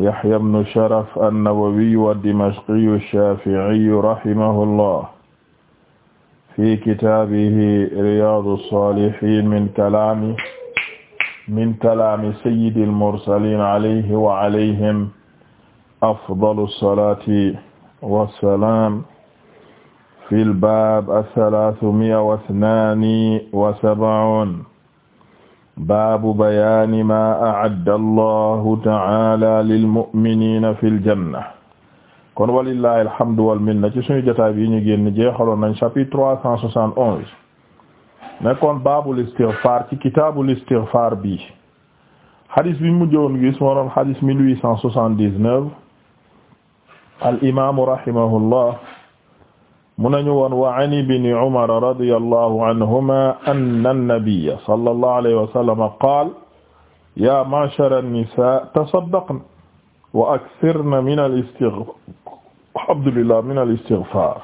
يحيى بن شرف النووي الدمشقي الشافعي رحمه الله في كتابه رياض الصالحين من كلام من كلام سيد المرسلين عليه وعليهم أفضل الصلاة والسلام في الباب الثلاثمائة واثنان وسبعون baabu bayaani maa a'adda allahu ta'ala lil mu'miniina fil janna kon walillahi alhamdu wal minna ci suñu jotaay bi ñu génn jeexaloon nañ chapitre trois cent soixante onze nekkoon baabul istighfar ci kitaabul istighfar bi hadith bi mu mujjoon gis moo doon mille huit cent soixante-dix-neuf al imaamu rahimahullah mu nañu woon wa an ibni umar radiyallahu anhuma anna an-nabiyya sallallahu alayhi wa sallam qaala yaa ma'shara an-nisaa tasaddaqna wa akthirna min al-istighfaar alhamdulillah min al-istighfaar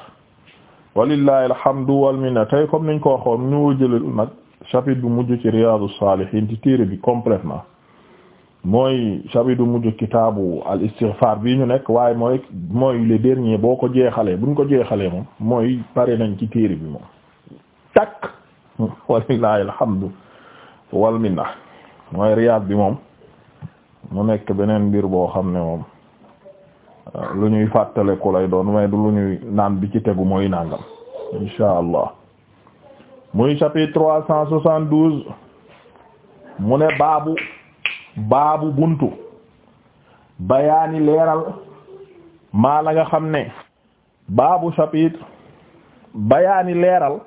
walillahi alhamdu wal minna tey comme niñ ko waxoon ñu jëlal nag chapitre bu mujj ci Riyaadus Saalihiin ci téere bi complètement mooy chapitre mujj kitaabu al istighfar bii ñu nekk waaye mooy mooy le dernier boo ko jeexalee buñ ko jeexalee moom mooy pare nañ ci téere bi moom takk walilahi wal minna mooy riyaad bi moom mu nekk beneen mbir boo xam ne moom euh, lu ñuy fàttale ku lay doon waaye du lu ñuy naan bi ci tegu mooy nàngam insha allah muy chapitre trois cent soixante-douze mu ne baabu baabu buntu bayaani leeral maa la nga xam ne baabu chapitre bayaani leeral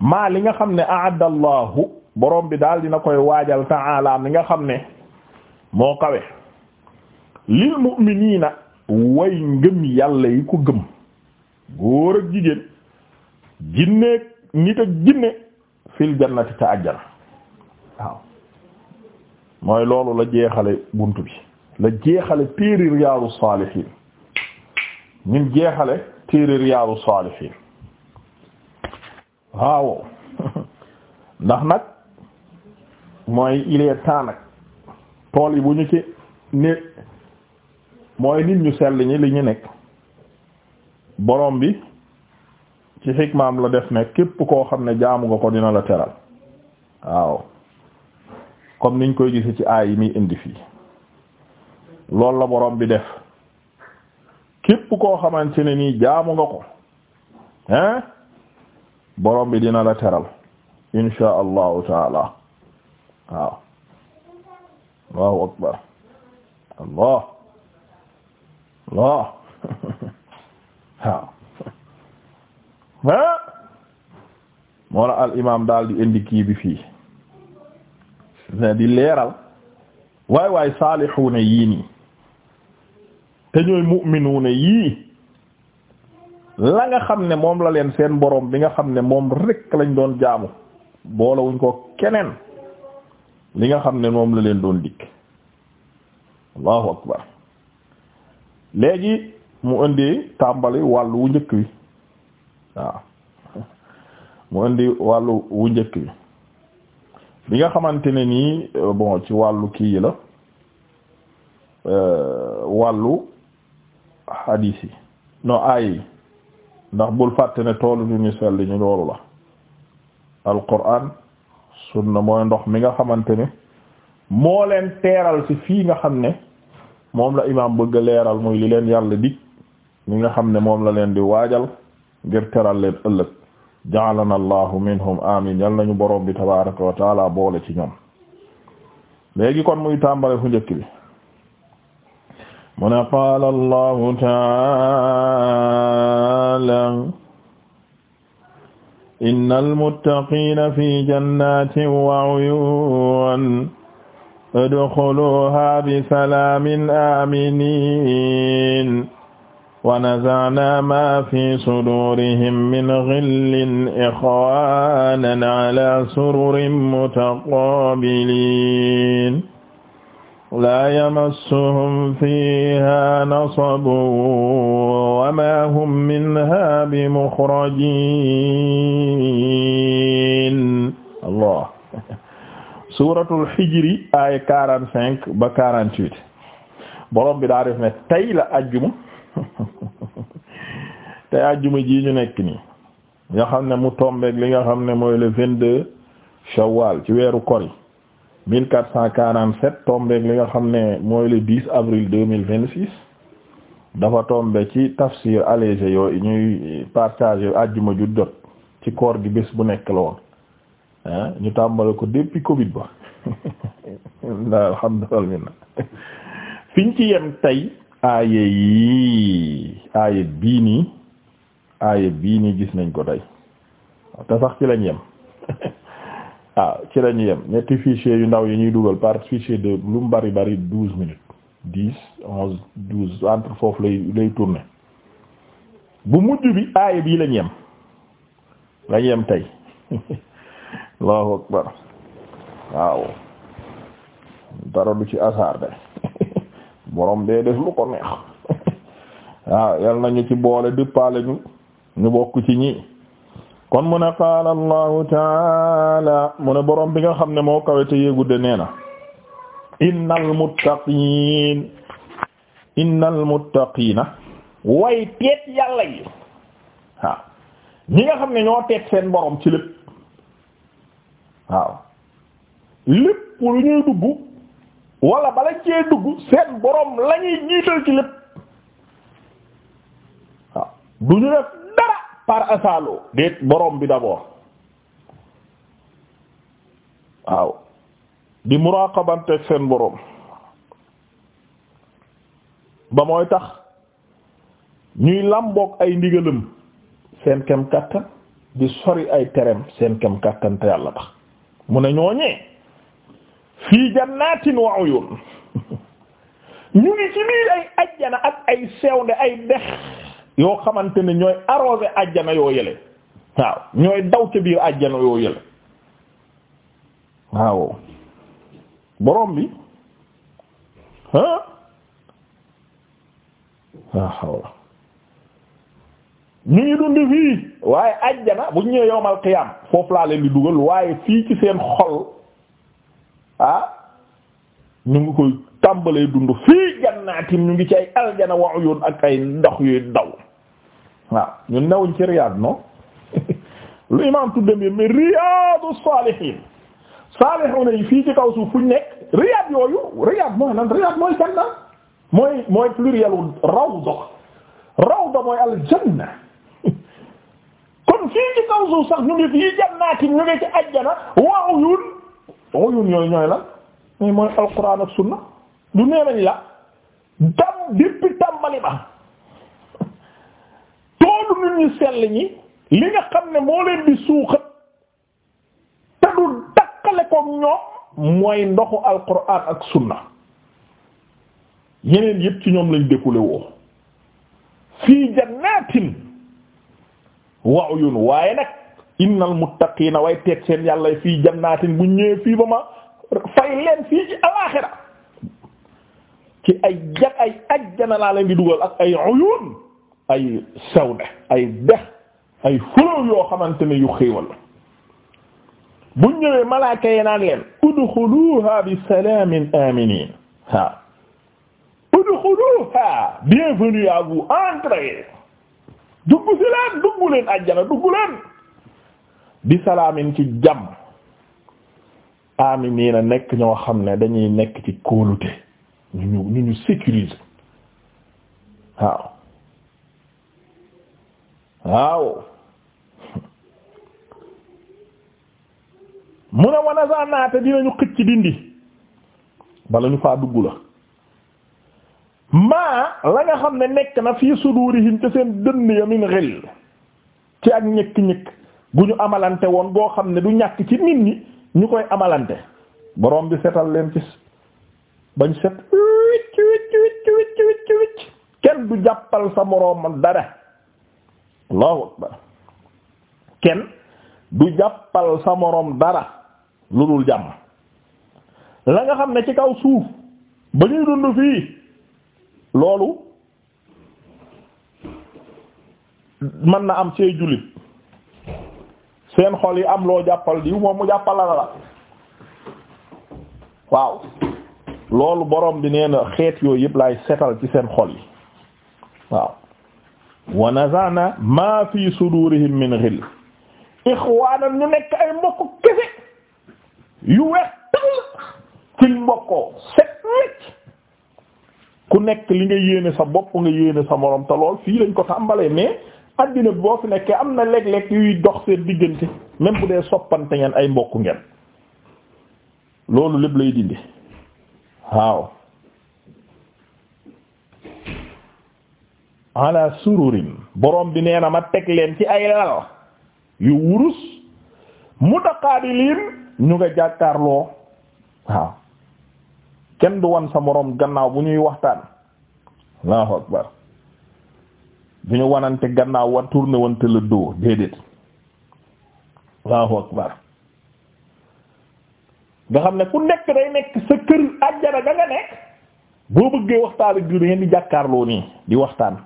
maa li nga xam ne ahaddallahu borom bi daal dina koy waajal ta'ala li nga xam ne moo kawe lil mu'minina way ngëm yàlla yi ko gëm góor ak jigéen jinneeg nit ak jinne fil jannati ca àjjana mooy loolu la jeexale bunt bi la jeexale téere Riyâdou Sâlihîne ñim jeexale téere Riyâdou Sâlihîne waaw ndax nag mooy il est tool yi bu ñu ci ne mooy nit ñu sell ñi li ñu nekk borom bi ci xikmaam la def ne képp koo xam ne jaamu nga ko dina la teral waaw comme niñ koy gise ci aay yi muy indi fii loolu la borom bi def képp koo xamante ne nii jaamu nga ko hein borom bi dina la teral insha allahu taala waaw allahu akbar allah allah waaw hein al imam daal di indi kii bi ne di leeral waaye waay saalihuuna yii nii te ñooy mu'minuuna yii la nga xam ne moom la leen seen boroom bi nga xam ne moom rek lañ doon jaamu boolewuñ ko keneen li nga xam ne moom la leen doon dikk allahu akbar léegi mu indi tàmbali wàllu wu njëkk wi waaw mu indi wàll wu njëkk wi bi nga xamante ne nii euh, bon ci wàllu kii la euh, wàllu hadis yi non aay ndax bul fàtte ne toolu ñu ñu sell ñu loolu la alquran sunna mooy ndox mi nga xamante ne moo leen teeral ci fii nga xam ne moom la imaam bëgg leeral muy li leen yàlla dig mi nga xam ne moom la leen di waajal ngir teral leen ëllëg ja'alana allahu minhum amin yal nañu borom bi tabaraka wa taala boole ci ñoom léegi kon muy tàmbale fu njëkk bi mu ne qaala allahu taala innal muttaqiina fi jannatin wa uyuun udxuluha bi salaamin aaminiin wa naza'naa maa fii suduurihim min ghillin ixwaanan alaa sururin mutaqaabiliin laa yamassuhum fiihaa nasabun wa maa hum minhaa bimukhrajiin. Allah. Suuratul Hijr aaya 45 ba 48 borom bi daa def ne tey la àjjuma. te àjjuma ji ñu nekk nii nga xam ne mu tombeeg li nga xam ne mooy le vingt-deux shawwal ci weeru kori mille quatre cent quarante-sept tombeeg li nga xam ne mooy le dix avril deux mille vingt-six dafa tombe ci tafsir allégé yooyu ñuy partager àjjuma ju jot ci koor gi bés bu nekk la ah ñu tàmbale ko depuis Covid ba la alhamdulillah fiñ ci yem tey aaye yi aaye bii nii aaya bii nii gis nañ ko tey te sax ci lañ yem waaw ah, ci lañu yem ñetti fichier yu ndaw yi ñuy dugal par fichier de lu mu bari bari douze minutes dix onze douze entre foofu lay lay tourner bu mujj bi aaya bii lañ yem lañ yem tey allahu akbar waaw dara du ci asaar de borom bee def lu ko neex waaw ah, yal nañu ci boole dëppaale ñu ñu bokk ci ñi kon mu ne qaala allahu taala mu ne borom bi nga xam ne moo kawe te yéegudde nee na innal muttaqiin innal muttaqiina way teet yàlla yi waaw ñi nga xam ne ñoo teet seen borom ci lépp waaw lépp lu ñuy dugg wala bala cee dugg seen borom lañuy ñuy ci lépp waaw du ñu def par asalo déet borom bi d'abord waaw di muraqabanteeg seen boroom ba mooy tax ñuy làmboog ay ndigalam seen kem kàttan di sori ay terem seen kem kàttan te yàlla tax mu ne ñooñee fii jannatin wa uyun ñu ngi ci biir ay ajjana ak ay sewnde ay dex yoo xamante ne ñooy arrosé àjjana yoo yële waaw ñooy daw ca biir àjjana yoo yële waaw borom bi ah waaw ñu ngi fii waaye àjjana bu ñëwee yowmal qiyaam foofu laa leen di dugal waaye fii ci seen xol ah ñu ngi koy. tàmbalee dund fii jannaatin ñu ngi ci ay aljana wa uyun ak ay ndox yuy daw waaw ñun newuñ ci riyaad non lu imaam tudde mi mi riyaadu saalihiin saalihuuna yi fii ci kaw suuf fuñ nekk riyaad yooyu riyaad mooy nan riyaad mooy janna mooy mooy pluriel rawda rawda mooy aljanna kon fii ci kaw suuf sax ñu ngi fii jannaatin ñu ngi ci ajjana wa uyun uyun yooyu ñooy la mais mooy alquran ak sunna du nee la dam depuis tàmbali ba toolu nit ñu sell ñi li nga xam ne moo leen di suuxat te du dakkale ko ñoom mooy ndoxu alquran ak sunna yeneen yépp ci ñoom lañ dékkule woo fii jannatin wa uyun waaye nag innal muttaqiina way teeg seen yàlla fii jannatin bu ñëwee fii ba ma fay leen fii ci alaaxira ci ay ja ay ajjana dugal ak ay uyun ay sawda ay dex ay fulow xamante ne yu xéewal bu ñëwee malaaka yi naan leen udxuluha bi salaamin aminin waaw udxuluha bienvenue à vous entrez dugg si leen dugg leen ajjana dugg leen bi salaamin ci jàmm aminiina nekk ñoo xam ne dañuy nekk ci kóolute ñu ñu ñu waaw waaw mu ne wana saa naate dinañu xëcc dindi bala ñu faa dugg la maa la nga xam ne nekk na fii sudurihim te seen dënn ya min xel ci ak ñëkk-ñëkk gu ñu amalante woon boo xam ne du ñàkk ci nit ñi ñu koy amalante borom bi setal leen ci bañ set wicc wicc wicc wicc wicc kenn du jàppal sa moroom dara allahu akbar kenn sa moroom dara lu dul jàmm la nga xam ne ci kaw suuf ba ñuy dund fii loolu mën na am see jullit seen xol yi am loo jàppal diw moom mu jàppal la la waaw loolu boroom bi nee xeet yooyu yëpp laay setal ci seen xol yi waaw wa nazana ma fi sudurihim min ghil ñu nekk ay mbokk kese yu weex tall ci mbokkoo set wecc ku nekk li nga yéene sa bopp nga yéene sa moroom te lool fii lañ ko tàmbalee mais addina boo fi nekkee am na léeg-léeg yuy dox seen diggante même bu dee soppante ngeen ay mbokk ngeen loolu lépp lay dindi waaw ala sururin borom bi nee ma teg leen ci ay lal yu wurus mutaqaabiliin ñu nga jàkkaarloo waaw kenn du wan sa moroom gannaaw bu ñuy waxtaan allahu akbar du ñu wanante gannaaw wa tourné wante le dos déedéet allahu akbar nga xam ne ku nekk day nekk sa kër ajjana da nekk boo bëggee waxtaan ak diw ngeen di jàkkaarloo nii di waxtaan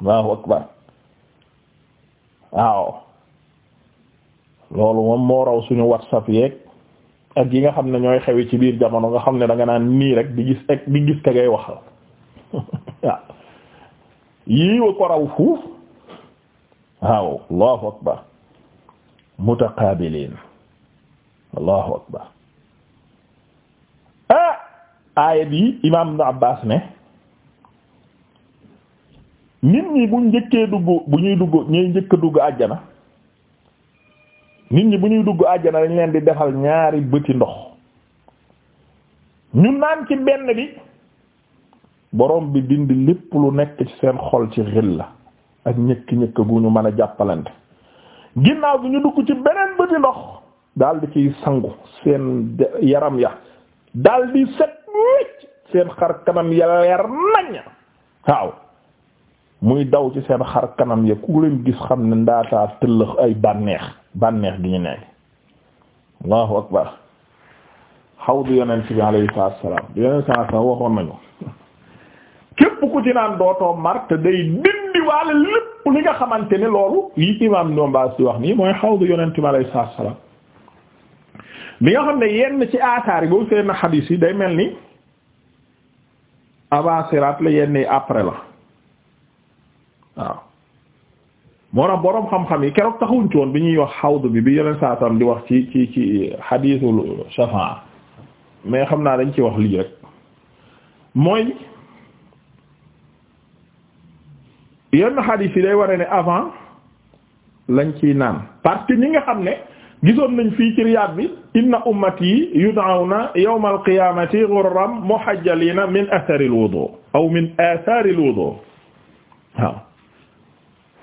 Allahu akbar waaw loolu moom moo raw suñu whatsapp yeeg ak yi nga xam ne ñooy xewi ci biir jamono nga xam ne danga naan nii rek di gis ak di gis ka ngay waxal waaw yii wa ko raw fuuf waaw Allahu akbar mutaqaabiliin allahu akbar ah aaya bi imam ibn abbas ne nit ñi bu njëkkee dugg bu ñuy dugg ñuy njëkk dugg àjjana nit ñi bu ñuy dugg àjjana dañ leen di defal ñaari bëti ndox ñu naan ci benn bi borom bi dindi lépp lu nekk ci seen xol ci xil la ak ñëkk ñëkk gu ñu mën a jàppalante ginnaaw bi ñu dugg ci beneen bëti ndox daal di ciy sangu seen yaram ya daal di set wecc seen xar kanam ya leer naññ waaw muy daw ci seen xar kanam ya ku leen gis xam ne ndaataa tëllëx ay bànneex bànneex gi ñu nekk allahu akbar xaw du yonent bi alayhi salaatu wa salaam yonent saa saa waxoon nañu képp ku ci naan dootoo mar te day dindi waale lépp li nga xamante ni loolu yi imam ñoom baa si wax nii mooy xaw du yonent bi alayhi salaatu wa bi nga xam ne yenn ci aasaar yi boo seen xadiis yi day mel ni avant la yenn yi après la waaw moo tax boroom xam-xam yi keroog taxawuñ ci bi ñuy wax xawdu bi bi yeneen saa tam di wax ci ci ci xadiisul shafaa mais xam naa dañ ci wax lii rek mooy yenn xadiis yi day ware ne avant lañ ciy naan parce que ñi nga xam ne gisoon nañ fii ci riyaad bi inna ummati yud'awna yawmal qiyaamati ghurran muhajjalina min athari al-wudu min athari al-wudu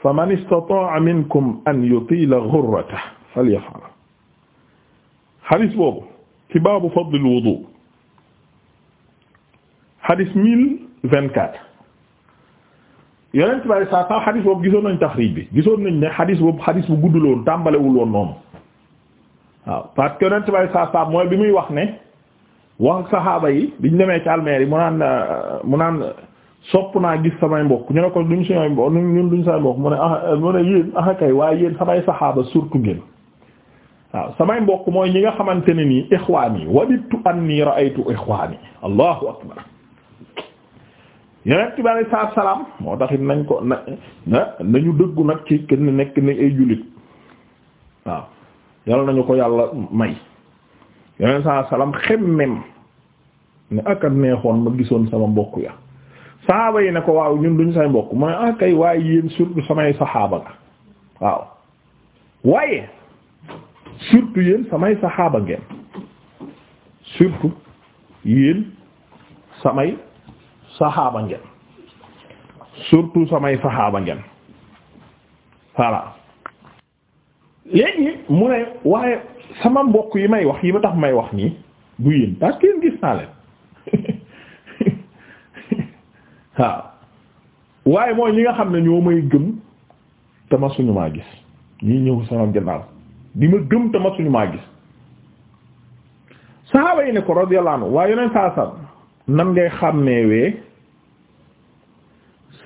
waaw minkum an yutila ghurratahu falyaf'al hadis boobu ci baabu fadl al-wudu hadis mille vingt quatre yonent bi saa saa hadis boobu gisoon nañ taxriij bi gisoon nañ ne hadis boobu hadis bu gudd la woon tàmbalewul waaw parce que yonent bay saa saa mooy bi muy wax ne wax ak saxaaba yi biñ demee ci almeer yi mu naan mu naan sopp naa gis samay mbokk ñu ne ko duñ suñooy mbokk ñun duñ samay mbokk mu ne ah, ah waaye yéen samay saxaaba surtout ngeen waaw samay mbokk mooy ñi nga xamante ne nii ixwaan yi anni ra'aytu ixwaan allahu akbar yonent bi alayhi salaatu salaam moo taxit nañ ko na na nañu dëggu nag ci kenn nekk ne ay jullit waaw yal nañu ko yàlla may yeneen saa salaam xemmem ne akat neexoon ma gisoon sama mbokk ya saaba yi ne ko waaw ñun duñ say mbokk mu ne ah kay waaye yéen surtout samay saxaaba nga waaw waaye saxaaba ngeen surtout samay saxaaba ngeen surtout samay saxaaba ngeen voilà léegi mu ne waaye sama mbokk yi may wax yi ma tax may wax nii du yéen parce que yéen gis naa leen waaw waaye mooy ñi nga xam ne ñoo may gëm te ma suñu maa gis ñii ñëw sama ginnaaw di ma gëm te ma suñu maa gis saxaaba yi ne ko radiyallahu anhu waaye yeneen saa saa nan ngay xàmmeewee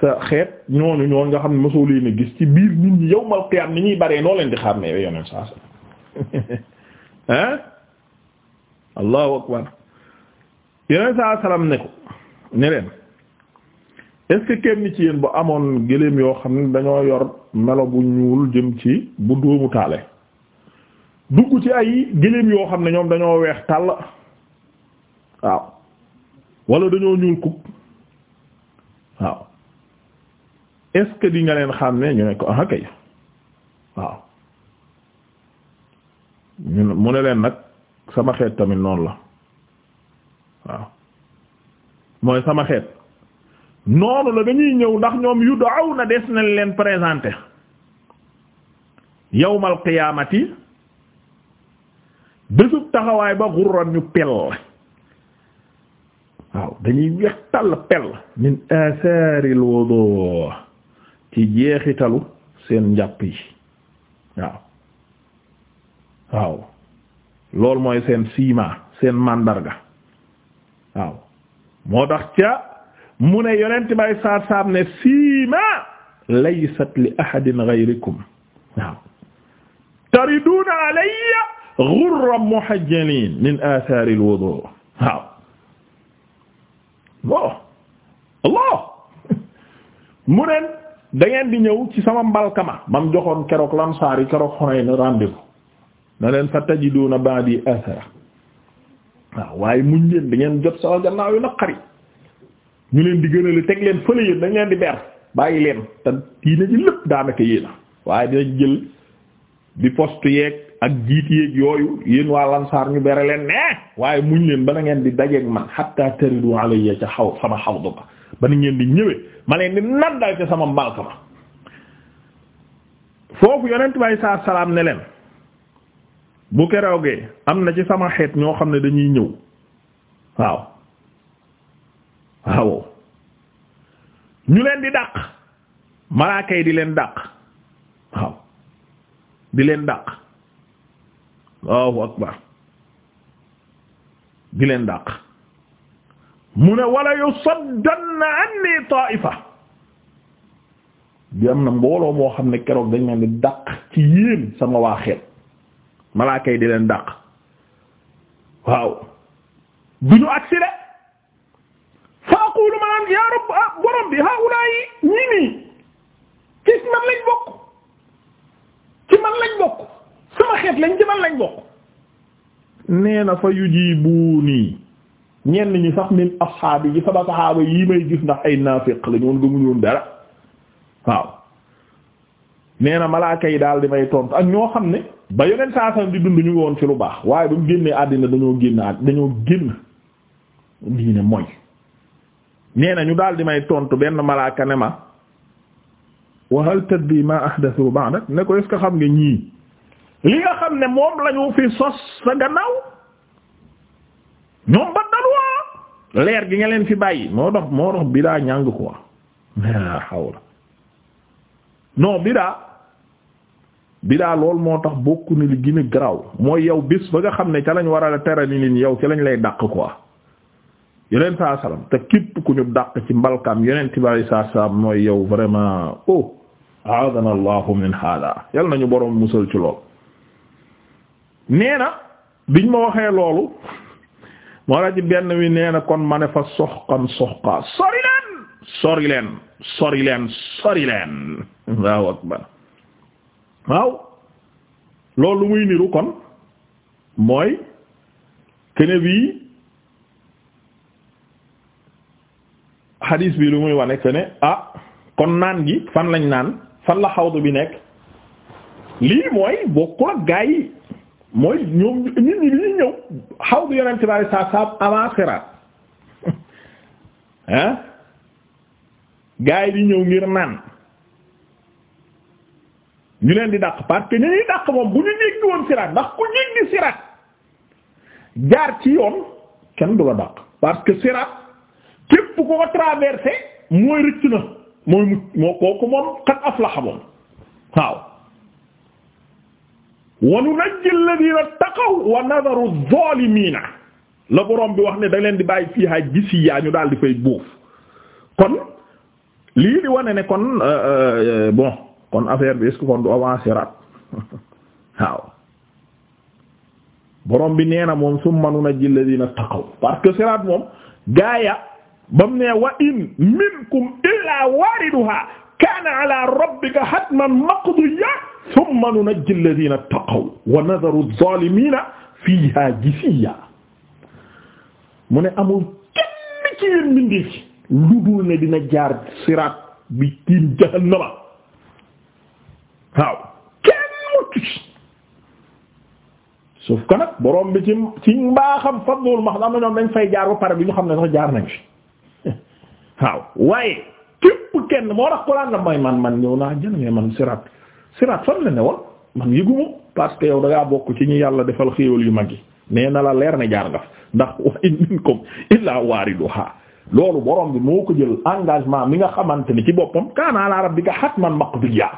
sa xeet ñooñu ñooñu nga xam ne mosoo leen gis ci biir nit ñi yawmal qiyaam ni ñuy baree noo leen di xàmmee ba yoneen saa sallam ah allahu akbar yoneen saa sallam ne ko ne leen est-ce kenn ci yéen bu amoon gëléem yoo xam ne dañoo yor melo bu ñuul jëm ci bu dóomu taale dugg ci ay gëléem yoo xam ne ñoom dañoo weex tàll waaw wala dañoo ñuul kub waaw est-ce di nga leen xam ne ñu ne ko ah kay waaw ñun mu ne leen nag sama xeet tamit noonu la waaw mooy sama xeet noonu la dañuy ñëw ndax ñoom yu daaw na des nañ leen présenter yawmal qiyaamati bésub taxawaay ba xurran ñu pel waaw dañuy wex tàll pel min asaaril wudu ci jeexitalu seen njàpp yi mooy seen siima seen màndarga waaw moo tax ca mu ne yonent bay saat saam ne siima laysat li ahadin ghayrikum waaw tariduuna alayya ghurran muhajjalin min athari alwudu waaw Allah mu ne da di ñëw ci sama mbalkama mam joxoon keroog lamsaar yi keroog xonay na rendez-vous na leen fa tajiduna ba'di athara waaw waaye muñ leen da ngeen jot sama gannaaw yu naqari ñu leen di gënale teg leen fële yéen dañ di ber bàyyi leen te diine ji lépp daanaka yéena waaye dinañ jël bi post yeeg ak jiit yeeg yooyu yéen waa lamsaar ñu bere leen ne waaye muñ leen ba na ngeen di dajeeg man hatta taridu alayya ca xaw sama xawdu ba ba ni ngeen di ñëwee ma leen di nandal ca sama mbalka ma foofu yonent bi alayhi salaam ne leen bu keroogee am na ci sama xeet ñoo xam ne dañuy ñëw waaw waaw ñu leen di dàq malaaka yi di leen dàq waaw di leen dàq Allahu akbar di leen dàq mu ne wala yusaddanna anni ta'ifa bi am na mbooloo moo xam ne keroog dañ ma ni dàq ci yéen sama waa xeet malaaka yi di leen dàq waaw du ñu agsi de fa aqulu ma naan yaa rabb ah borom bi haawulaa yi ñii nii ci man lañ bokk ci man lañ bokk sama xeet lañ ci man lañ bokk nee na fa yujibuuni ñenn ñi sax min asxaabi yi sama saxaaba yi may gis ndax ay naafiq la ñoon gëmuñu woon dara waaw nee na malaaka yi daal di may tontu ak ñoo xam ne ba yoneen saasam di dund ñu ngi woon ci lu baax waaye ba mu génnee àddina dañoo génn àdd dañoo génn diine mooy nee na ñu daal di may tontu benn malaaka ne ma wa hal tadri ma ahdathu ba'dak ne ko est-ce que xam nga ñii li nga xam ne moom lañu fi sos sa gannaaw ñoom ba leer gi nga leen fi bàyyi moo dox moo dox bidaa ñàng xaw la hawla non bidaa bidaa lool moo tax bokku ni li gën a garaaw mooy yow bis ba nga xam ne ca lañ war a tere ni lin yow ci lañ lay dàq quoi leen saa salaam te képp ku ñu dàq ci mbalkam yeneen tibaay saa salaam mooy yow vraiment oh aadana allahu min hada yal nañu borom musal ci lool nee na biñ ma waxee loolu moo la benn wi nee na kon mane fa soxkan soxka sorileen leen sori leen sori leen waaw akbar waaw loolu muy niru kon mooy kene bii xadiis bi lu muy wane kene ah kon naan gi fan lañ naan fan la xawdu bi nekk lii mooy bokkul ak gaa yi mooy ñoom nit ñi bi ñuy ñëw xaw bi yonent bi saa saam avant siraat ah gars yi di ñëw ngir naan ñu leen di dàq parce que ñu ñuy dàq moom bu ñu jéggi woon siraat ndax ku jéggi siraat jaar ci yoon kenn du la dàq parce que siraat képp ko ko traversé mooy rëcc na mooy mu moo kooku moom xat aflaxa moom waaw wa nunajji alladhina taqaw wa nadaru adh la borom bi wax ne da leen di bàyyi fii ha gisi yaa ñu daal di fay buuf kon lii di wane ne kon euh, euh, bon kon affaire bi est-ce du avancé rat waaw borom bi nee na moom summa nunajji alladhina taqaw parce que sirat moom gaaya bam ne wa in minkum illa wariduha kana ala rabbika hatman maqdiya thumma nunajji alladhina taqaw wa nadharu adh-dhalimina fiha jisiya mu ne amul kenn ci yéen mbindee ci lu dul ne dina jaar siraat bi tiim jahannama waaw kenn mucc ci sauf que nag borom bi ci ci mbaaxam fadlul max am na ñoom dañ fay jaar ba pare bi ñu xam ne sax jaar nañ fi waaw waaye képp kenn moo tax ko laan la may man man ñëw naa jën mais man siraat siraat fan la ne woon man yëguma parce yow da ngaa bokk ci ñi yàlla defal xéewal yu mag yi nee na la leer na jaar nga ndax waa in minkum illaa waariduhaa loolu boroom bi moo ko jël engagement mi nga xamante ni ci boppam kaana alaa rabbika hatman maqdiyya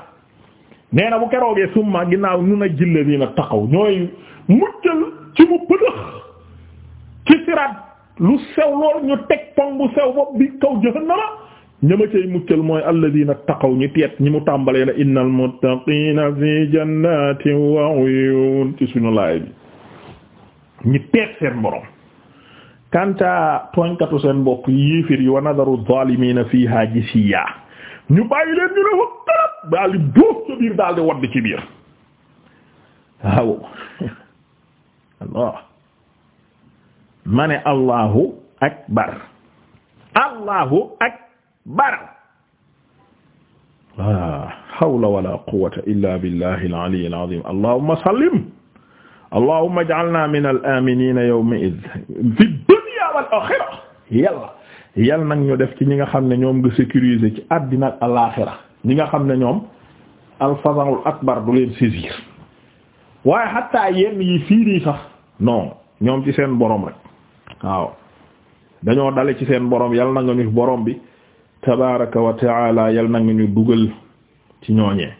nee na bu keroogee summa ginnaaw nu na jille nii na taxaw ñooy muccal ci mu pëdëx ci siraat lu sew loolu ñu teg pong bu sew bopp bi kaw jahannama ñama cay muccal mooy alladina taqaw ñi teet ñi mu tàmbalee na innal muttaqina fi jannatin wa ci suñu laay bi ñi teet seen borom kanta tooñkatu seen mbokk yéefir yi wa nadaru zalimina fiha jisiya ñu bàyyi leen Allah ma bar la hawla wala quwwata illa billahi al-ali al-azim sallim allahumma ij'alna min al-aminin yawma'idh fi dunya wal akhirah yàlla yàlla nag ñu def ci ñi nga xam ne ñoom nga sécuriser ci àddina ak ñi nga xam ne ñoom al-faza'ul akbar du leen saisir waaye hatta yenn yi fii sax non ñoom ci seen borom rek waaw dañoo dale ci seen borom yàlla na nga ñu borom bi tabaraka wa yal na nga ñu dugal ci ñooñee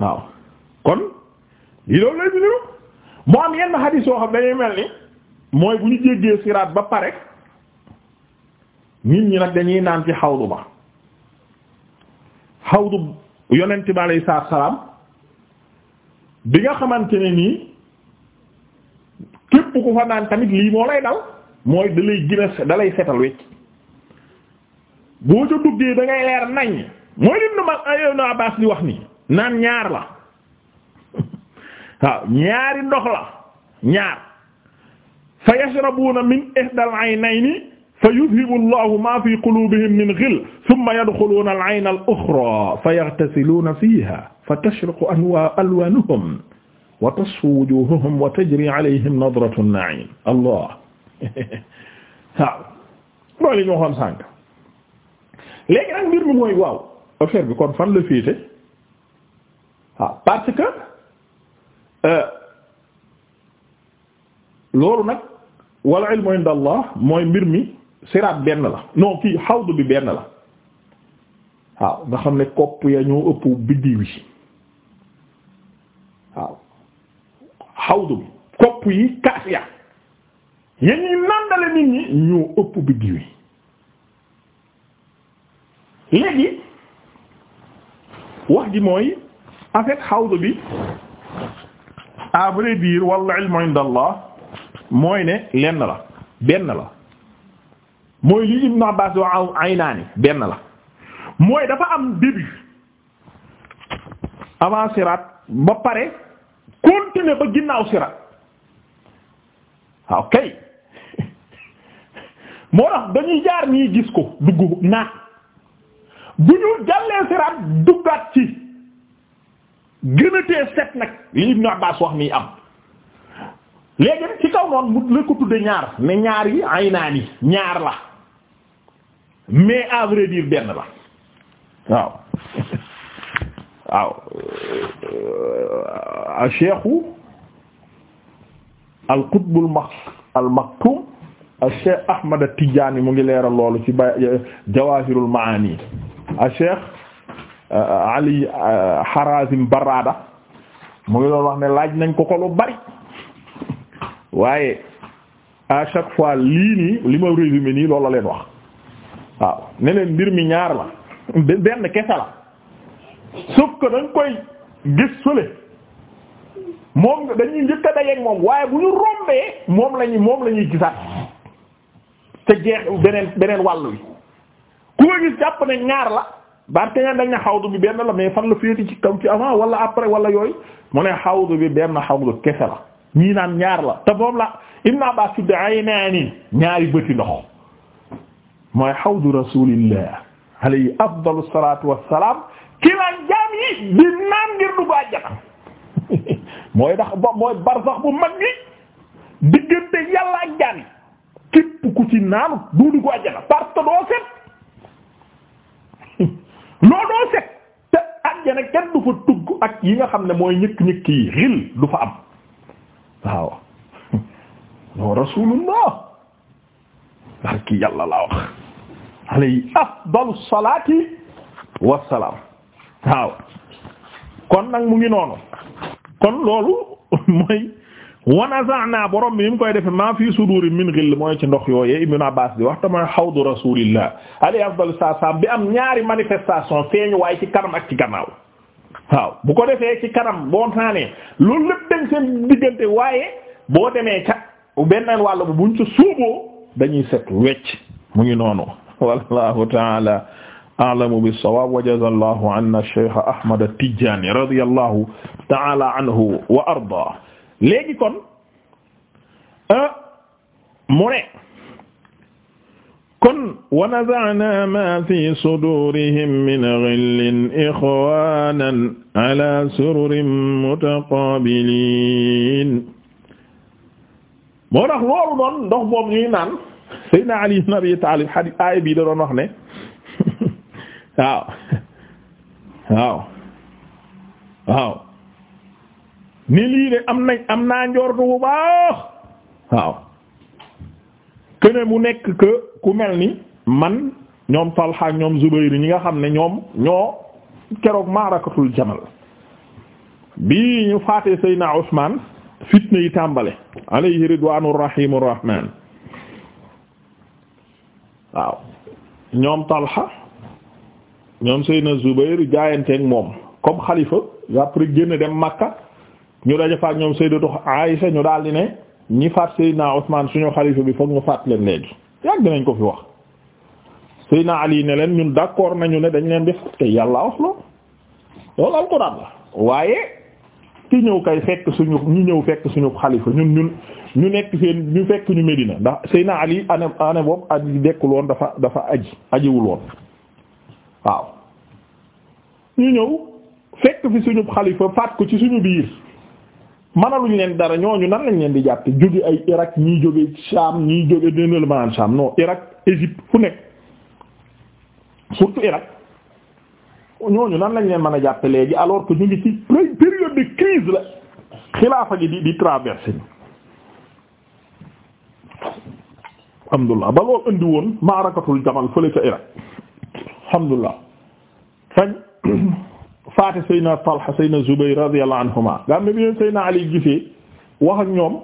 waaw kon lii loolu lay biniru moo am yenn xadiis yoo xam dañuy mel ni mooy bu ñu jéggee siraat ba pare nit ñi nag dañuy naan ci xawdu ba xawdu yonent bi alayhi salaam bi nga xamante ne nii képp ku fa naan tamit lii moo lay dal mooy da lay gën setal wecc boo ca duggee da ngay leer nañ mooy lim nu mag ayoon na Abbas di wax ni naan ñaar la waaw ñaari ndox la ñaar fa yashrabuuna min ihda al aynayni fa yudhibu allahu ma fi qulubihim min ghil thumma yadkhuluuna al ayna al ukhra fa yaghtasiluuna fiha fa tashriqu anwa alwanuhum wa tasfu wujuhuhum wa tajri alayhim nadratu an-na'im allah waaw loolu ñu waxoon sànq léegi nag mbir mi mooy waaw affaire bi kon fan la féete waaw parce euh, loolu nag wal ilmu inda mooy mbir mi siraat benn la non kii xawdu bi benn la waaw nga xam ne kopp ya ñoo ëpp biddiw yi waaw xawdu bi kopp yi kaas ya yéen ñi nit ñi ñoo ëpp biddiw yi léegi wax ji mooy en fait xawdu bi à vrai dire walla ilmu inda mooy ne lenn la benn la mooy li Ibn Abbas wa aw aynaani benn la mooy dafa am début avant sirat ba pare continuer ba ginnaaw sirat waaw kay moo tax dañuy jaar nii gis ko dugg bu ñu jàllee siraat duggaat ci gënatee set nag li Ibnu Abbaas wax nii am léegi ci kaw noonu mu la ko tudde ñaar ne ñaar yi ñaar la mais à vrai benn la waaw waaw a euh, cheikhu al qutb al maq al maktum al cheikh Ahmad Tijaani mu ngi leeral loolu ci ba Jawaahirul Maani Cheikh euh, Ali euh, Harazim baraada mu ngi doon wax ne laaj nañ ko ko lu bari waaye à chaque fois lii nii li ma résumé nii loolu la leen wax waaw ne leen mbir mi ñaar la benn kese la sauf que dañ koy gis sole moom dañuy njëkk a dajeek moom waaye bu ñu rombee moom lañuy moom lañuy gisaat te jeex beneen beneen wàll wi ku nga gis jàpp ne ñaar la barke ñaan dañ ne xawdu bi benn la mais fan la ci kaw ci avant wala après wala yooyu mu ne xawdu bi benn xawdu kese la ñii naan ñaar la te la Ibn Abbas tudde ay naani ñaari bëti ndox mooy xawdu rasulillah alayhi afdalu salatu wassalam ki laan jaam yi di naan ngir dugg àjjana mooy mooy barsax bu mag gi diggante yàlla ak jaam yi képp ku ci naan du dugg àjjana parce que loo doo set te àjjana kenn du fa tugg ak yi nga xam ne mooy ñëkk-ñëkk yi xil du fa am waaw no rasulullah war ki yàlla laa wax alayhi afdalu salaati wassalaam waaw kon nag mu ngi noonu kon loolu mooy wanazana borom bi mi koy defe maa fi suduri min ghill mooy ci ndox yooye ibn abbas di wax tamay xawdu rasulillah alayhi afdalu salaam bi am ñaari manifestation feeñ waaye ci kanam ak ci gannaaw waaw bu ko defee ci kanam boo taanee loolu lépp dañ seen diggante waaye boo demee ca benneen wàll bu buñ ci suuboo dañuy set wecc mu ngi noonu wallahu taala a'lamu bis-sawaab wa a anna ash-shaykh ahmad at-tijani radiyallahu taala anhu wa arda léegi kon euh, mu ne kon wa naza'na ma fi sudurihim min ghillin ikhwanan ala sururin mutaqabilin moo tax loolu doon ndox boobu ñuy Ali ibn Abi Talib bi da doon wax ne waaw waaw ni lii de am na am naa njort bu baax waaw kene mu nekk que ku mel ni man ñoom Talha ñoom Zubayr ñi nga xam ne ñoom ñoo keroog maarakatul Jamal bi ñu faatee Seydina Usmaan fitna yi tàmbale alayhi ridwaanu rahimu waaw ñoom Talha ñoom Seydina Zubayr jaayanteeg moom comme xalifa après génn dem Makka ñu daje faat ñoom sayyidatu Aisha ñu daal di ne ñi faat Seydina Ousmane suñu xalifa bi foog ñu faat leen léegi yàgg nañ ko fi wax Seydina Ali ne leen ñun d'accord nañu ne dañu leen di faat kay yàlla wax loolu loolu alxuraan la waaye ki ñëw kay fekk suñu ñu ñëw fekk suñu xalifa ñun ñun ñu nekk seen ñu fekk ñu Medina ndax Seydina Ali ane ane boobu aji dekkul woon dafa dafa aji ajiwul woon waaw ñu ñëw fekk fi suñu xalifa faat ko ci suñu biir mënaluñ leen dara ñooñu nan lañ leen di jàppe jóge ay Irak ñuy jóge Sham ñii jóge dénal maanaam Sham non Irak Égypte fu nekk surtout Irak ñooñu nan lañ leen mën a jàppe léegi alors que ñu ngi ci période de crise la xilaafa gi di di traversé ni alhamdulillah ba loolu indi woon maarakatul jamal fële ca Irak alhamdulillah fañ faate Seyna Talha Seyna Zubayr radiyallahu anhuma nga am ne bi leen Seyna Ali gisee wax ak ñoom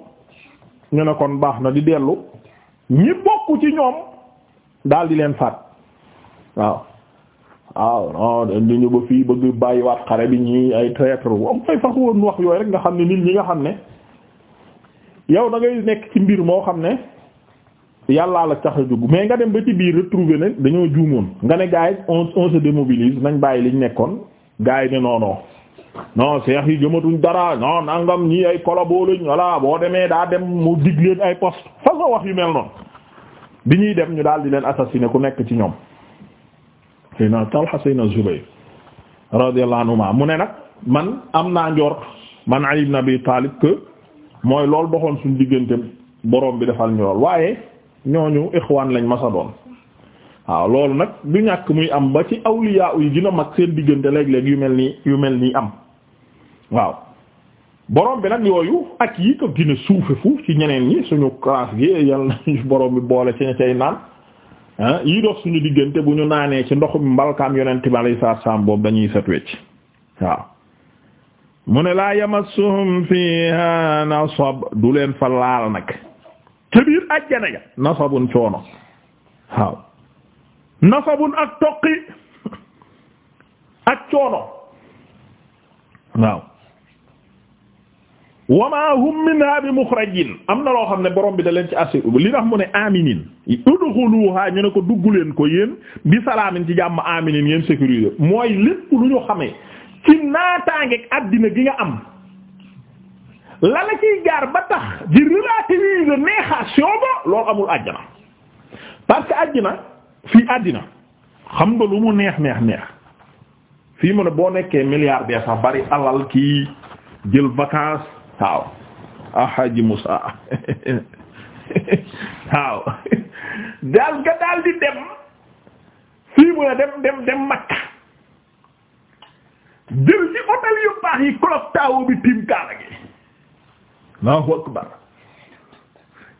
ñu nekkoon baax na di dellu ñi bokk ci ñoom daal di leen faat waaw waaw non dañu ñu ba fii bëgg bàyyiwaat xare bi ñi ay traître am fay sax woon wax yooyu rek nga xam ne nit ñi nga xam ne yow da ngay nekk ci mbir moo xam ne yàllaa la tax a mais nga dem ba ci biir retrouver ne dañoo juumoon nga ne gars yi on on se démobilise nañ bàyyi liñ nekkoon. gars yi ne noonon non seex yi gëmatuñ dara non nangam ñi ay koloboo lañ voilà boo demee daa dem mu dig leen ay poste façon wax yu mel noonu bi ñuy dem ñu daal di leen assassiné ku nekk ci ñoom Seydina Talha Seydina Zubayr radiyallahu anhuma mu ne nag man am naa njort man Ali ibn Abi Talib que mooy loolu doxoon suñu diggante borom bi defal ñu lool waaye ñooñu ixwaan lañ masa doon waaw loolu nag du ñàkk muy am ba ci awliya yi gën mag seen diggante léeg-léeg yu mel nii yu mel nii am waaw borom bi nag yooyu ak yi ko gën a suufe fu ci ñeneen ñi suñu classe gi yal nañu borom bi boole ci ña cay naan ah, yi dox suñu diggante bu ñu naanee ci ndoxum mbalkaam yonent bi alayhi salaam boobu dañuy set wecc waaw mu ne laa yamassuhum fiha nasab du leen fa laal nag te biir ajjana ja coono waaw nasabun ak toqi ak coono waaw wama hum minha bi mukhrajin am na loo xam ne borom bi da leen ci assi li tax mu ne aminin udxuluha ñu ne ko dugg leen ko yéen bi salaamin ci jàmm aminin yéen sécurité mooy lépp lu ñu xamee ci naataangeeg àddina gi nga am la la ciy ba tax di relativiser neexation ba loolu amul àjjana parce que àjjana fii àddina xam nga lu mu neex neex neex fii mu ne boo nekkee milliardaire sax bari alal kii jël vacances waaw ahaji Musa waaw daal nga daal di dem fii mu ne dem dem dem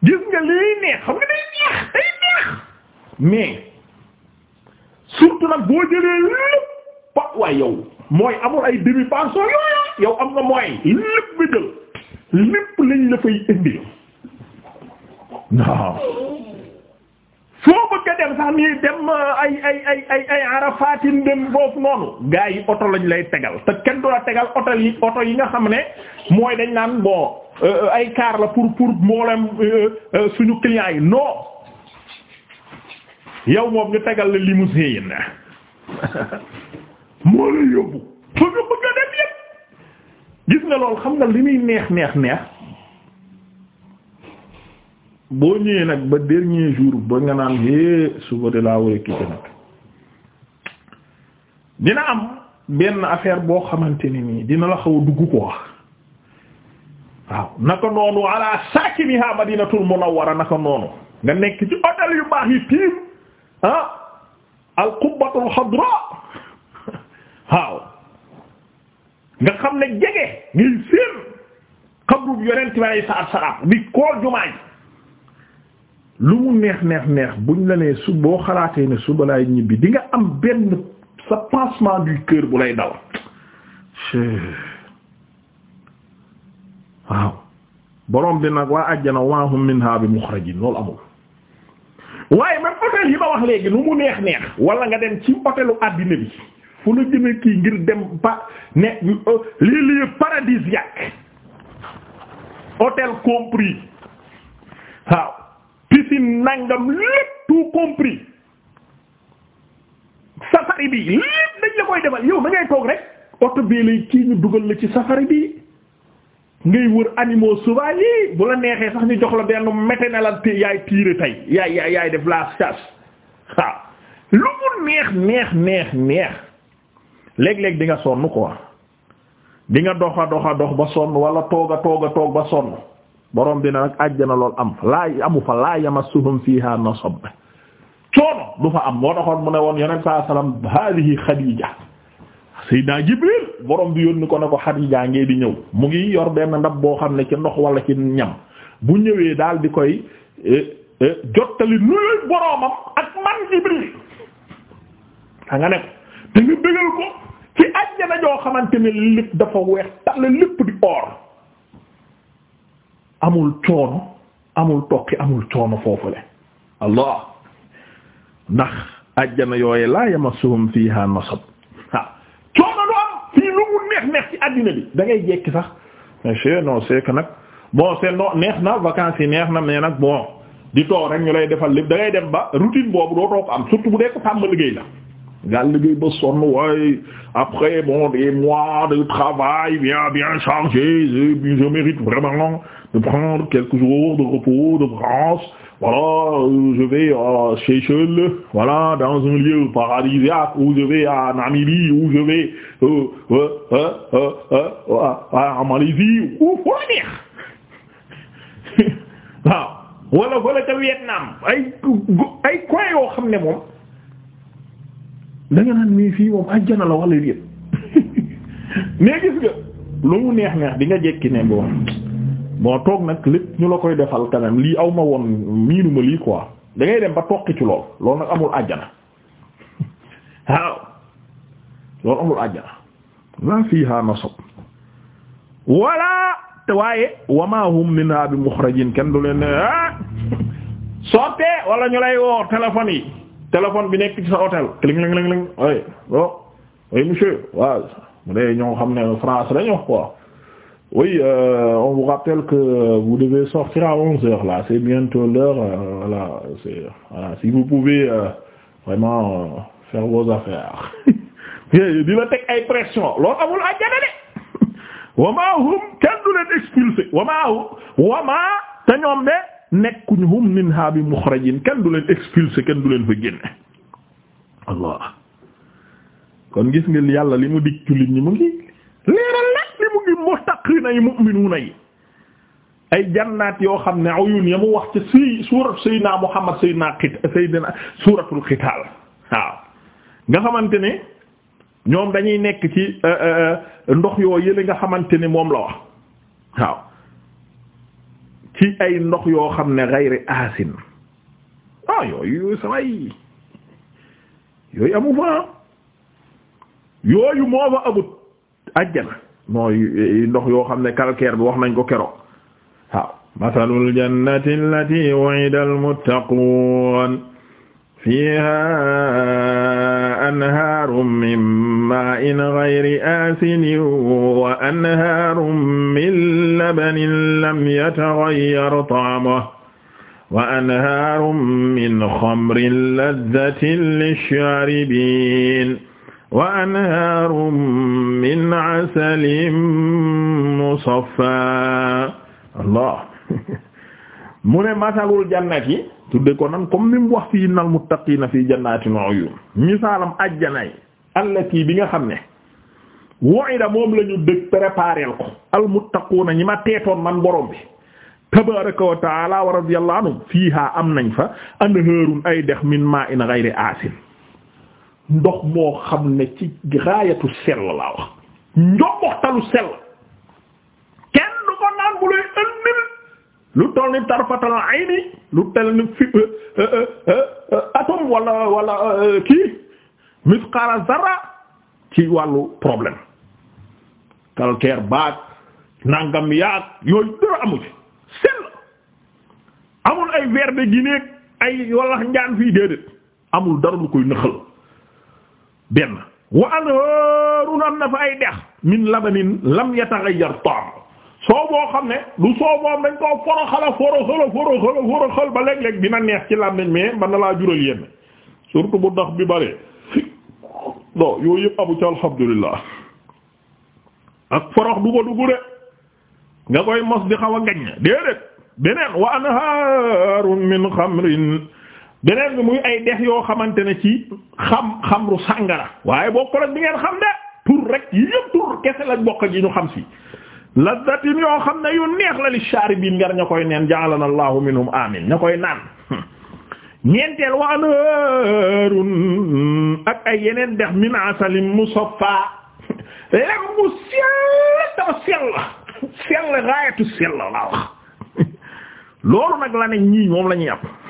gis nga lii neex xam nga neex day neex mais surtout nag boo jëlee lépp pa waay yow mooy amul ay demi pension yooyu yow am nga mooy lépp nga jël lépp lañ la fay indi waaw foo bëgg dem sax ni dem uh, ay ay ay ay ay arafatin dem foofu noonu gaa yi oto lañ lay tegal te kenn du la tegal oto yi oto yi nga xam ne mooy dañ naan bon uh, uh, ay car la pour pour mboolem suñu clients yi non yow moom ñu tegal la limousine moo lay yóbbu fa nga bëgg yépp gis nga lool xam nga li muy neex neex neex boo ñëwee nag ba dernier jour ba nga naan é suba de laa war a quitté nag dina am benn affaire boo xamante ni nii dina la xaw a dugg ko wax waaw naka noonu ala sakiniha madinatul munawwara naka noonu nga nekk ci hôtel yu baax yi tiim ah al qubbatul xadra waaw nga xam ne jege ngay séen xabrub yonent bi alayhi salaatu salaam bi koor jumaay lu mu neex neex neex buñ la nee su boo xalaatee ne suba laay ñibbi di nga am benn sa pincement du cœur bu lay daw waaw borom bi nag waa àjjana wa hum minha bi muxrajin loolu amul waaye même hôtel yi ma wax léegi nu mu neex neex wala nga dem ci hôtelu àddina bi fu la jëme kii ngir dem ba ne euh, lii lieu paradisiaque hôtel compris waaw piscine nangam lépp tout compris safari bi lépp dañ la koy defal yow da ngay toog rek oto bii lay kii ñu dugal la ci safari bi ngay wër animaux sauvages yi bu la neexee sax ñu jox la benn mété na la yaay tiire tey yaay yaay yaay def la chasse lu mu neex neex neex neex léeg-léeg di nga sonn quoi di nga doxa doxa dox ba sonn wala toog a toog a toog ba sonn borom dina àjj na lool am laa amu fa laa yamassuhum fiha nasab coono du fa am moo taxoon mu ne woon yonent saa salaam hadihi Xadiija Seydina Jibril borom bi yónni ko ne ko Xadiija ngee di ñëw mu ngi yor benn ndab boo xam ne ci ndox wala ci ñam bu ñëwee daal di koy eh, eh, jottali nuyul boromam ak man Jibril da nga nekk te nga bégal ko ci àjjana joo xamante ne lépp dafa weex tal lépp di or amul coono amul tokki amul coono foofule allah ndax àjjana yooye laa yamassuhum fiha nasab neex ci addina bi da ngay jekki sax monsieur non c'est que nag bon c'est non neex na vacances yi neex na mais nag bon di toog rek ñu lay defal lépp da ngay dem ba routine boobu doo too ko am surtout bu dee ko tàmm liggéey la. ngal liggéey ba sonn après bon des mois de travail bien bien chargé je, mérite vraiment de prendre quelques jours de repos de France voilà euh, je vais à Seychelles voilà dans un lieu paradisiaque ou je vais à Namibie ou je vais euh, euh, euh, euh, euh à Malaisie ou foo neex waaw wala Vietnam da nga naan mii fii moom ajjana la wala yéen mais gis nga lu mu neex neex di nga jekki ne bon bon toog nag lépp ñu la koy defal quand lii awma ma woon miinu ma lii ko da ngay dem ba toqi ci lool loolu nag amul ajjana waaw loolu amul ajjana la fiha nasab wala te waaye wama hum minha bi mukhrajin kenn du leen ne ah sottee wala ñu lay woo téléphone yi téléphone bi nekk ci sa hôtel cling ling ling ling ay bon oui monsieur waaw mu dee ñoo xam ne France lañu quoi euh, on vous rappelle que devez sortir à onze heures là c'est bientôt l'heure euh, voilà c'est si vous pouvez euh, vraiment faire vos affaires di la teg ay pression loolu amul àjjana de wamaa hum kenn du leen nekkuñ hum minha bi muxrajin kenn du leen expulsé kenn du leen fa génne allah kon gis nga yàlla li mu dig jullit ñi mu ngi leeral la li mu ngi muttaqina yi mu'minuna yi ay jannaat yoo xam ne uyun ya mu wax ci si suurat sayyidina muhammad sayyidina qit suuratul qitaal waaw nga xamante ni ñoom dañuy nekk ci eh, eh, eh, ndox yoo yële nga xamante ni moom la wax waaw ci ay ndox yoo xam ne gayri asin ah yooyu samay yooyu amu fa yooyu moo fa amut ajjana mooy eh, yoo xam ne calcaire bi wax nañ ko keroog waaw masalul jannati allati wa'ida al fiha anhaarun min maa'in ghayri aasinin wa anhaarun min labanin lam yataghayyar ta'muhu wa anhaarun min khamrin ladhatin lish-shaaribiin wa anhaarun min asalin musaffaa Allah mu ne masalul jannati tudde ko nag comme ni mu wax fi innal muttaqiina fi jannatin wa uyun misaalam ajjanaay allati bi nga xam ne wa'ida moom la ñu dëg préparé ko al ñi ma teetoon man borom bi tabaraka wa taala wa radiyallahu fiiha am nañ fa anhaarun ay dex min ma'in ghayri asin ndox moo xam ne ci gaayatu sell laa wax njomboxtalu sell kenn du ko naan lay ëndil lu toll ni tarfatal ayni lu toll ni fi euh, euh, euh, atome wala wala kii misqaala zarra ci wàllu problème calcaire baag nangam yaag yooyu dara amu ci amul ay ver de ay wala njaan fii déedéet amul dara lu koy nëxal benn wa anhaarun am na fa ay dex min labanin lam yataghayyar ta'am soow boo xam ne du soow moom dañ koo foroxala foroxala foroxala foroxal ba léeg-léeg dina neex ci làmmiñ mais mën na laa jural yenn surtout bu ndax bi bëree bon yooyu yëpp abu ci alhamdulillah ak forox du ko dugg de nga koy mos di xaw a gaññ déedéet beneen wa anhaarun min xamrin beneen bi muy ay dex yoo xamante ne ci xam xamru sàngara waaye boo ko bi ngeen xam de tur rek yëpp tur kese lañ bokk ji ñu xam si lazzatin yoo xam ne yu neex la li shaaribiin ngar ña koy neen ja'alana allahu minhum amin ña koy naan ñeenteel wa anhaarun ak ay yeneen dex min asalin musaffa lem mu sell dama sell sell raayatu sell laa wax loolu nag la ne ñii moom la ñuy am